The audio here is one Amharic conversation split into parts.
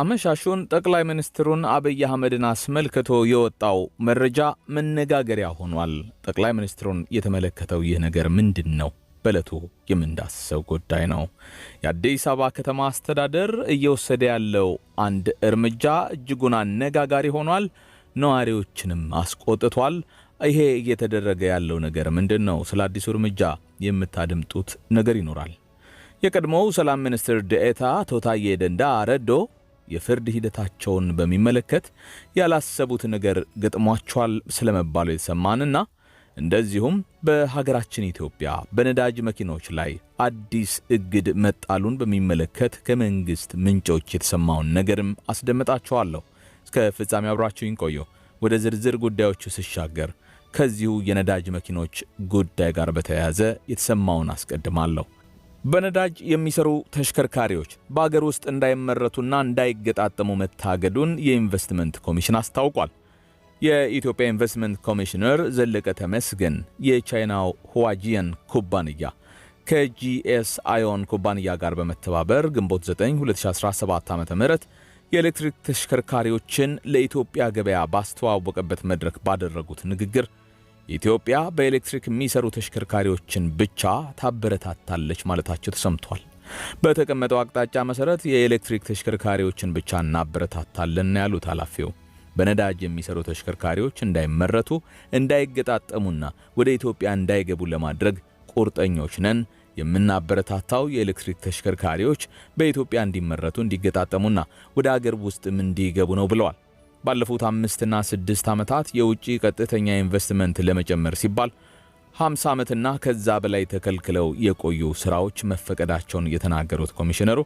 አመሻሹን ጠቅላይ ሚኒስትሩን አብይ አህመድን አስመልክቶ የወጣው መረጃ መነጋገሪያ ሆኗል። ጠቅላይ ሚኒስትሩን የተመለከተው ይህ ነገር ምንድን ነው? በዕለቱ የምንዳስሰው ጉዳይ ነው። የአዲስ አበባ ከተማ አስተዳደር እየወሰደ ያለው አንድ እርምጃ እጅጉን አነጋጋሪ ሆኗል። ነዋሪዎችንም አስቆጥቷል። ይሄ እየተደረገ ያለው ነገር ምንድን ነው? ስለ አዲሱ እርምጃ የምታደምጡት ነገር ይኖራል። የቀድሞው ሰላም ሚኒስትር ደኤታ አቶ ታዬ ደንዳ ረዶ የፍርድ ሂደታቸውን በሚመለከት ያላሰቡት ነገር ገጥሟቸዋል ስለመባሉ የተሰማንና እንደዚሁም በሀገራችን ኢትዮጵያ በነዳጅ መኪኖች ላይ አዲስ እግድ መጣሉን በሚመለከት ከመንግሥት ምንጮች የተሰማውን ነገርም አስደምጣችኋለሁ። እስከ ፍጻሜ አብራችሁኝ ቆዩ። ወደ ዝርዝር ጉዳዮቹ ስሻገር ከዚሁ የነዳጅ መኪኖች ጉዳይ ጋር በተያያዘ የተሰማውን አስቀድማለሁ። በነዳጅ የሚሰሩ ተሽከርካሪዎች በአገር ውስጥ እንዳይመረቱና እንዳይገጣጠሙ መታገዱን የኢንቨስትመንት ኮሚሽን አስታውቋል። የኢትዮጵያ ኢንቨስትመንት ኮሚሽነር ዘለቀ ተመስገን የቻይናው ሁዋጂየን ኩባንያ ከጂኤስ አዮን ኩባንያ ጋር በመተባበር ግንቦት 9 2017 ዓ ም የኤሌክትሪክ ተሽከርካሪዎችን ለኢትዮጵያ ገበያ ባስተዋወቀበት መድረክ ባደረጉት ንግግር ኢትዮጵያ በኤሌክትሪክ የሚሰሩ ተሽከርካሪዎችን ብቻ ታበረታታለች ማለታቸው ተሰምቷል። በተቀመጠው አቅጣጫ መሰረት የኤሌክትሪክ ተሽከርካሪዎችን ብቻ እናበረታታለን ያሉት ኃላፊው በነዳጅ የሚሰሩ ተሽከርካሪዎች እንዳይመረቱ፣ እንዳይገጣጠሙና ወደ ኢትዮጵያ እንዳይገቡ ለማድረግ ቁርጠኞች ነን። የምናበረታታው የኤሌክትሪክ ተሽከርካሪዎች በኢትዮጵያ እንዲመረቱ፣ እንዲገጣጠሙና ወደ አገር ውስጥም እንዲገቡ ነው ብለዋል። ባለፉት አምስትና ስድስት ዓመታት የውጭ ቀጥተኛ ኢንቨስትመንት ለመጨመር ሲባል 50 ዓመትና ከዛ በላይ ተከልክለው የቆዩ ሥራዎች መፈቀዳቸውን የተናገሩት ኮሚሽነሩ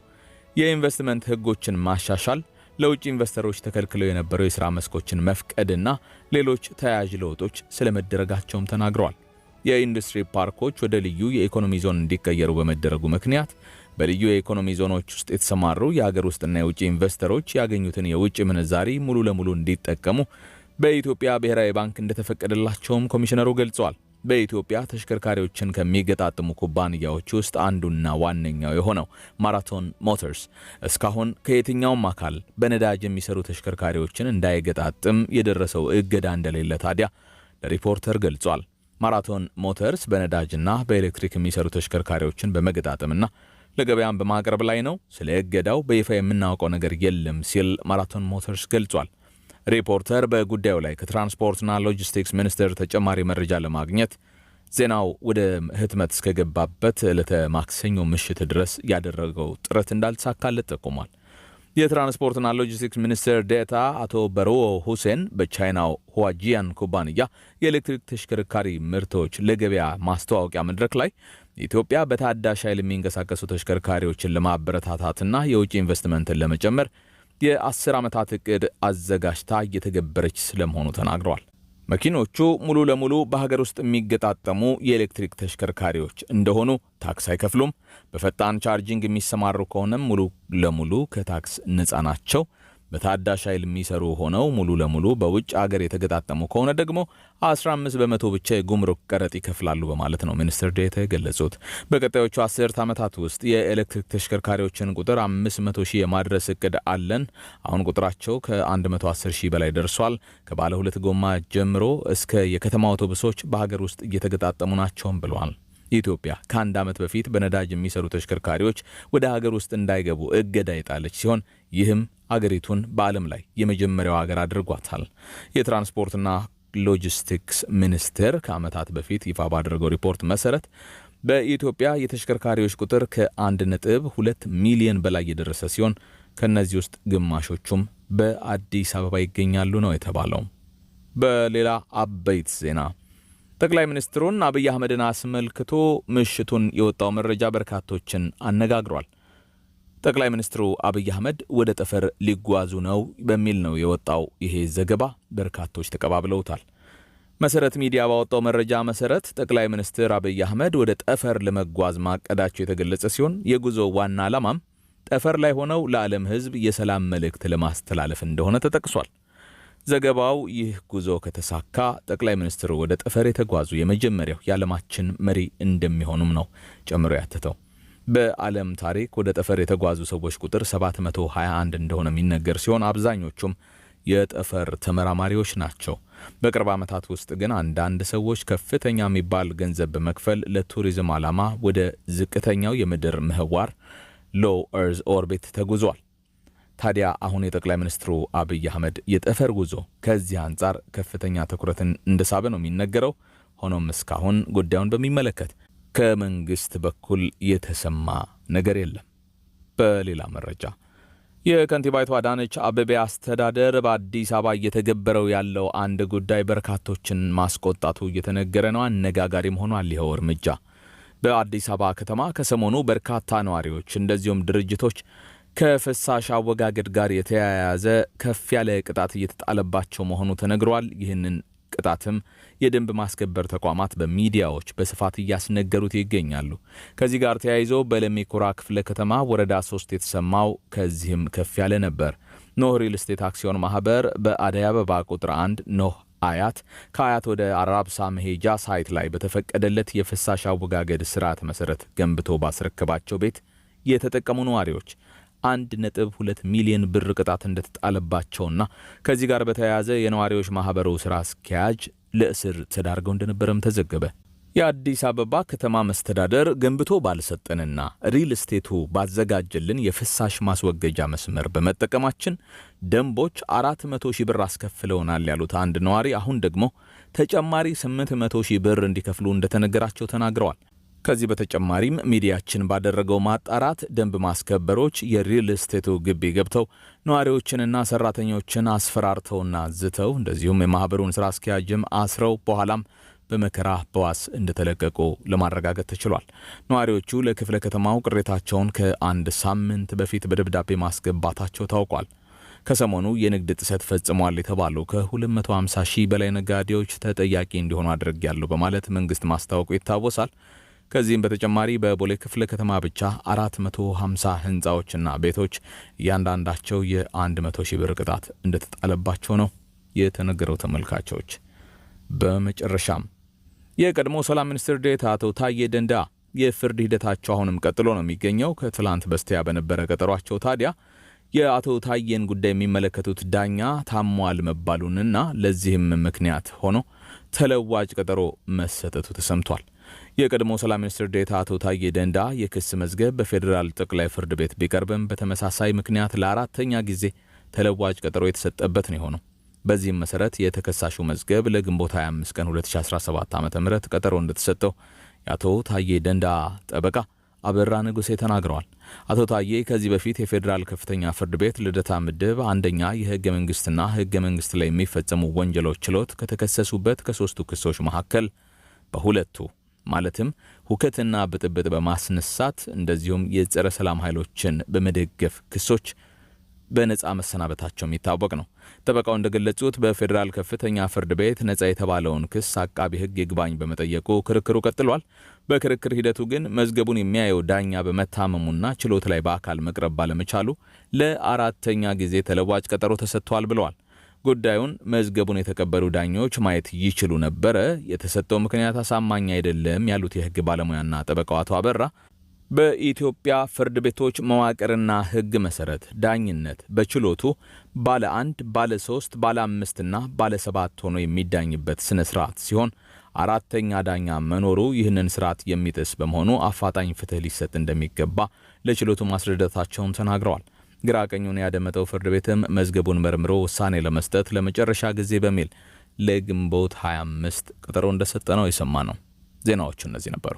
የኢንቨስትመንት ሕጎችን ማሻሻል፣ ለውጭ ኢንቨስተሮች ተከልክለው የነበረው የሥራ መስኮችን መፍቀድና ሌሎች ተያያዥ ለውጦች ስለመደረጋቸውም ተናግረዋል። የኢንዱስትሪ ፓርኮች ወደ ልዩ የኢኮኖሚ ዞን እንዲቀየሩ በመደረጉ ምክንያት በልዩ የኢኮኖሚ ዞኖች ውስጥ የተሰማሩ የሀገር ውስጥና የውጭ ኢንቨስተሮች ያገኙትን የውጭ ምንዛሪ ሙሉ ለሙሉ እንዲጠቀሙ በኢትዮጵያ ብሔራዊ ባንክ እንደተፈቀደላቸውም ኮሚሽነሩ ገልጸዋል። በኢትዮጵያ ተሽከርካሪዎችን ከሚገጣጥሙ ኩባንያዎች ውስጥ አንዱና ዋነኛው የሆነው ማራቶን ሞተርስ እስካሁን ከየትኛውም አካል በነዳጅ የሚሰሩ ተሽከርካሪዎችን እንዳይገጣጥም የደረሰው እገዳ እንደሌለ ታዲያ ለሪፖርተር ገልጿል። ማራቶን ሞተርስ በነዳጅና በኤሌክትሪክ የሚሰሩ ተሽከርካሪዎችን በመገጣጠምና ለገበያም በማቅረብ ላይ ነው። ስለ እገዳው በይፋ የምናውቀው ነገር የለም ሲል ማራቶን ሞተርስ ገልጿል። ሪፖርተር በጉዳዩ ላይ ከትራንስፖርትና ሎጂስቲክስ ሚኒስቴር ተጨማሪ መረጃ ለማግኘት ዜናው ወደ ህትመት እስከገባበት ዕለተ ማክሰኞ ምሽት ድረስ ያደረገው ጥረት እንዳልተሳካለት ጠቁሟል። የትራንስፖርትና ሎጂስቲክስ ሚኒስትር ዴታ አቶ በሮዎ ሁሴን በቻይናው ሁዋጂያን ኩባንያ የኤሌክትሪክ ተሽከርካሪ ምርቶች ለገበያ ማስተዋወቂያ መድረክ ላይ ኢትዮጵያ በታዳሽ ኃይል የሚንቀሳቀሱ ተሽከርካሪዎችን ለማበረታታትና የውጭ ኢንቨስትመንትን ለመጨመር የአስር ዓመታት እቅድ አዘጋጅታ እየተገበረች ስለመሆኑ ተናግረዋል። መኪኖቹ ሙሉ ለሙሉ በሀገር ውስጥ የሚገጣጠሙ የኤሌክትሪክ ተሽከርካሪዎች እንደሆኑ ታክስ አይከፍሉም። በፈጣን ቻርጂንግ የሚሰማሩ ከሆነም ሙሉ ለሙሉ ከታክስ ነፃ ናቸው። በታዳሽ ኃይል የሚሰሩ ሆነው ሙሉ ለሙሉ በውጭ አገር የተገጣጠሙ ከሆነ ደግሞ 15 በመቶ ብቻ የጉምሩክ ቀረጥ ይከፍላሉ በማለት ነው ሚኒስትር ዴኤታ የገለጹት። በቀጣዮቹ አስርት ዓመታት ውስጥ የኤሌክትሪክ ተሽከርካሪዎችን ቁጥር 500 ሺህ የማድረስ እቅድ አለን። አሁን ቁጥራቸው ከ110 ሺህ በላይ ደርሷል። ከባለ ሁለት ጎማ ጀምሮ እስከ የከተማ አውቶቡሶች በሀገር ውስጥ እየተገጣጠሙ ናቸውም ብለል ኢትዮጵያ ከአንድ ዓመት በፊት በነዳጅ የሚሰሩ ተሽከርካሪዎች ወደ ሀገር ውስጥ እንዳይገቡ እገዳ የጣለች ሲሆን ይህም አገሪቱን በዓለም ላይ የመጀመሪያው ሀገር አድርጓታል። የትራንስፖርትና ሎጂስቲክስ ሚኒስቴር ከዓመታት በፊት ይፋ ባደረገው ሪፖርት መሰረት በኢትዮጵያ የተሽከርካሪዎች ቁጥር ከአንድ ነጥብ ሁለት ሚሊዮን በላይ የደረሰ ሲሆን ከእነዚህ ውስጥ ግማሾቹም በአዲስ አበባ ይገኛሉ ነው የተባለው። በሌላ አበይት ዜና ጠቅላይ ሚኒስትሩን አብይ አህመድን አስመልክቶ ምሽቱን የወጣው መረጃ በርካቶችን አነጋግሯል። ጠቅላይ ሚኒስትሩ አብይ አህመድ ወደ ጠፈር ሊጓዙ ነው በሚል ነው የወጣው ይሄ ዘገባ። በርካቶች ተቀባብለውታል። መሰረት ሚዲያ ባወጣው መረጃ መሰረት ጠቅላይ ሚኒስትር አብይ አህመድ ወደ ጠፈር ለመጓዝ ማቀዳቸው የተገለጸ ሲሆን የጉዞ ዋና ዓላማም ጠፈር ላይ ሆነው ለዓለም ሕዝብ የሰላም መልእክት ለማስተላለፍ እንደሆነ ተጠቅሷል። ዘገባው ይህ ጉዞ ከተሳካ ጠቅላይ ሚኒስትሩ ወደ ጠፈር የተጓዙ የመጀመሪያው የዓለማችን መሪ እንደሚሆኑም ነው ጨምሮ ያትተው። በዓለም ታሪክ ወደ ጠፈር የተጓዙ ሰዎች ቁጥር 721 እንደሆነ የሚነገር ሲሆን አብዛኞቹም የጠፈር ተመራማሪዎች ናቸው። በቅርብ ዓመታት ውስጥ ግን አንዳንድ ሰዎች ከፍተኛ የሚባል ገንዘብ በመክፈል ለቱሪዝም ዓላማ ወደ ዝቅተኛው የምድር ምህዋር ሎ ኤርዝ ኦርቢት ተጉዟል። ታዲያ አሁን የጠቅላይ ሚኒስትሩ አብይ አህመድ የጠፈር ጉዞ ከዚህ አንጻር ከፍተኛ ትኩረትን እንደሳበ ነው የሚነገረው። ሆኖም እስካሁን ጉዳዩን በሚመለከት ከመንግስት በኩል የተሰማ ነገር የለም። በሌላ መረጃ የከንቲባይቱ አዳነች አበቤ አስተዳደር በአዲስ አበባ እየተገበረው ያለው አንድ ጉዳይ በርካቶችን ማስቆጣቱ እየተነገረ ነው። አነጋጋሪም ሆኗል ይኸው እርምጃ። በአዲስ አበባ ከተማ ከሰሞኑ በርካታ ነዋሪዎች እንደዚሁም ድርጅቶች ከፍሳሽ አወጋገድ ጋር የተያያዘ ከፍ ያለ ቅጣት እየተጣለባቸው መሆኑ ተነግሯል። ይህንን ቅጣትም የደንብ ማስከበር ተቋማት በሚዲያዎች በስፋት እያስነገሩት ይገኛሉ። ከዚህ ጋር ተያይዞ በለሜኮራ ክፍለ ከተማ ወረዳ ሶስት የተሰማው ከዚህም ከፍ ያለ ነበር። ኖህ ሪል ስቴት አክሲዮን ማህበር በአደይ አበባ ቁጥር 1 ኖህ አያት ከአያት ወደ አራብሳ መሄጃ ሳይት ላይ በተፈቀደለት የፍሳሽ አወጋገድ ስርዓት መሰረት ገንብቶ ባስረከባቸው ቤት የተጠቀሙ ነዋሪዎች 1.2 ሚሊዮን ብር ቅጣት እንደተጣለባቸውና ከዚህ ጋር በተያያዘ የነዋሪዎች ማህበሩ ስራ አስኪያጅ ለእስር ተዳርገው እንደነበረም ተዘገበ። የአዲስ አበባ ከተማ መስተዳደር ገንብቶ ባልሰጠንና ሪል ስቴቱ ባዘጋጀልን የፍሳሽ ማስወገጃ መስመር በመጠቀማችን ደንቦች 400 ሺህ ብር አስከፍለውናል ያሉት አንድ ነዋሪ አሁን ደግሞ ተጨማሪ 800 ሺህ ብር እንዲከፍሉ እንደተነገራቸው ተናግረዋል። ከዚህ በተጨማሪም ሚዲያችን ባደረገው ማጣራት ደንብ ማስከበሮች የሪል ስቴቱ ግቢ ገብተው ነዋሪዎችንና ሰራተኞችን አስፈራርተውና ዝተው እንደዚሁም የማህበሩን ስራ አስኪያጅም አስረው በኋላም በመከራ በዋስ እንደተለቀቁ ለማረጋገጥ ተችሏል። ነዋሪዎቹ ለክፍለ ከተማው ቅሬታቸውን ከአንድ ሳምንት በፊት በደብዳቤ ማስገባታቸው ታውቋል። ከሰሞኑ የንግድ ጥሰት ፈጽሟል የተባሉ ከ250 ሺህ በላይ ነጋዴዎች ተጠያቂ እንዲሆኑ አድርጌያለሁ በማለት መንግስት ማስታወቁ ይታወሳል። ከዚህም በተጨማሪ በቦሌ ክፍለ ከተማ ብቻ 450 ህንፃዎችና ቤቶች እያንዳንዳቸው የ100 ሺህ ብር ቅጣት እንደተጣለባቸው ነው የተነገረው። ተመልካቾች፣ በመጨረሻም የቀድሞ ሰላም ሚኒስትር ዴት አቶ ታዬ ደንዳ የፍርድ ሂደታቸው አሁንም ቀጥሎ ነው የሚገኘው። ከትላንት በስቲያ በነበረ ቀጠሯቸው ታዲያ የአቶ ታዬን ጉዳይ የሚመለከቱት ዳኛ ታሟል መባሉንና ለዚህም ምክንያት ሆኖ ተለዋጭ ቀጠሮ መሰጠቱ ተሰምቷል። የቀድሞ ሰላም ሚኒስትር ዴታ አቶ ታዬ ደንዳ የክስ መዝገብ በፌዴራል ጠቅላይ ፍርድ ቤት ቢቀርብም በተመሳሳይ ምክንያት ለአራተኛ ጊዜ ተለዋጭ ቀጠሮ የተሰጠበት ነው የሆነው። በዚህም መሰረት የተከሳሹ መዝገብ ለግንቦት 25 ቀን 2017 ዓ ም ቀጠሮ እንደተሰጠው የአቶ ታዬ ደንዳ ጠበቃ አበራ ንጉሴ ተናግረዋል። አቶ ታዬ ከዚህ በፊት የፌዴራል ከፍተኛ ፍርድ ቤት ልደታ ምድብ አንደኛ የህገ መንግስትና ህገ መንግስት ላይ የሚፈጸሙ ወንጀሎች ችሎት ከተከሰሱበት ከሶስቱ ክሶች መካከል በሁለቱ ማለትም ሁከትና ብጥብጥ በማስነሳት እንደዚሁም የጸረ ሰላም ኃይሎችን በመደገፍ ክሶች በነፃ መሰናበታቸው የሚታወቅ ነው። ጠበቃው እንደገለጹት በፌዴራል ከፍተኛ ፍርድ ቤት ነፃ የተባለውን ክስ አቃቢ ሕግ ይግባኝ በመጠየቁ ክርክሩ ቀጥሏል። በክርክር ሂደቱ ግን መዝገቡን የሚያየው ዳኛ በመታመሙና ችሎት ላይ በአካል መቅረብ ባለመቻሉ ለአራተኛ ጊዜ ተለዋጭ ቀጠሮ ተሰጥቷል ብለዋል። ጉዳዩን መዝገቡን የተቀበሉ ዳኞች ማየት ይችሉ ነበረ። የተሰጠው ምክንያት አሳማኝ አይደለም ያሉት የህግ ባለሙያና ጠበቃው አቶ አበራ በኢትዮጵያ ፍርድ ቤቶች መዋቅርና ህግ መሰረት ዳኝነት በችሎቱ ባለ አንድ፣ ባለ ሶስት፣ ባለ አምስትና ባለ ሰባት ሆኖ የሚዳኝበት ስነ ስርዓት ሲሆን አራተኛ ዳኛ መኖሩ ይህንን ስርዓት የሚጥስ በመሆኑ አፋጣኝ ፍትህ ሊሰጥ እንደሚገባ ለችሎቱ ማስረዳታቸውን ተናግረዋል። ግራ ቀኙን ያደመጠው ፍርድ ቤትም መዝገቡን መርምሮ ውሳኔ ለመስጠት ለመጨረሻ ጊዜ በሚል ለግንቦት 25 ቀጠሮ እንደሰጠ ነው የሰማ ነው። ዜናዎቹ እነዚህ ነበሩ።